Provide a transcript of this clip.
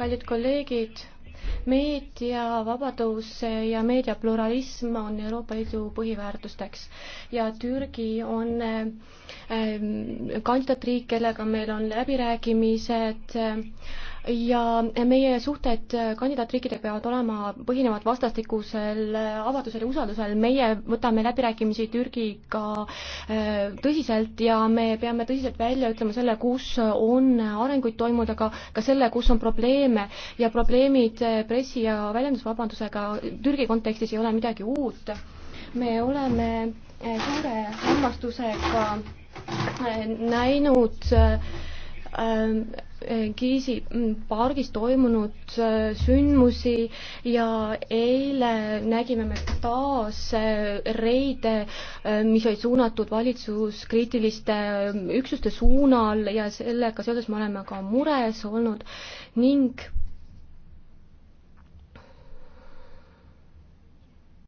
kallid kolleegid, meediavabadus ja meediapluralism on Euroopa Liidu põhiväärtusteks ja Türgi on eh, Ehm, kandidaatriik, kellega meil on läbirääkimised ehm, ja meie suhted äh, kandidaatriikidega peavad olema, põhinevad vastastikusel äh, avadusel ja usaldusel, meie võtame läbirääkimisi Türgiga äh, tõsiselt ja me peame tõsiselt välja ütlema selle, kus on arenguid toimunud, aga ka selle, kus on probleeme ja probleemid pressi- ja väljendusvabandusega Türgi kontekstis ei ole midagi uut. me oleme suure hämmastusega näinud äh, äh, Kiisi mm, pargis toimunud äh, sündmusi ja eile nägime me taas reide, mis olid suunatud valitsuskriitiliste üksuste suunal ja sellega seoses me oleme ka mures olnud ning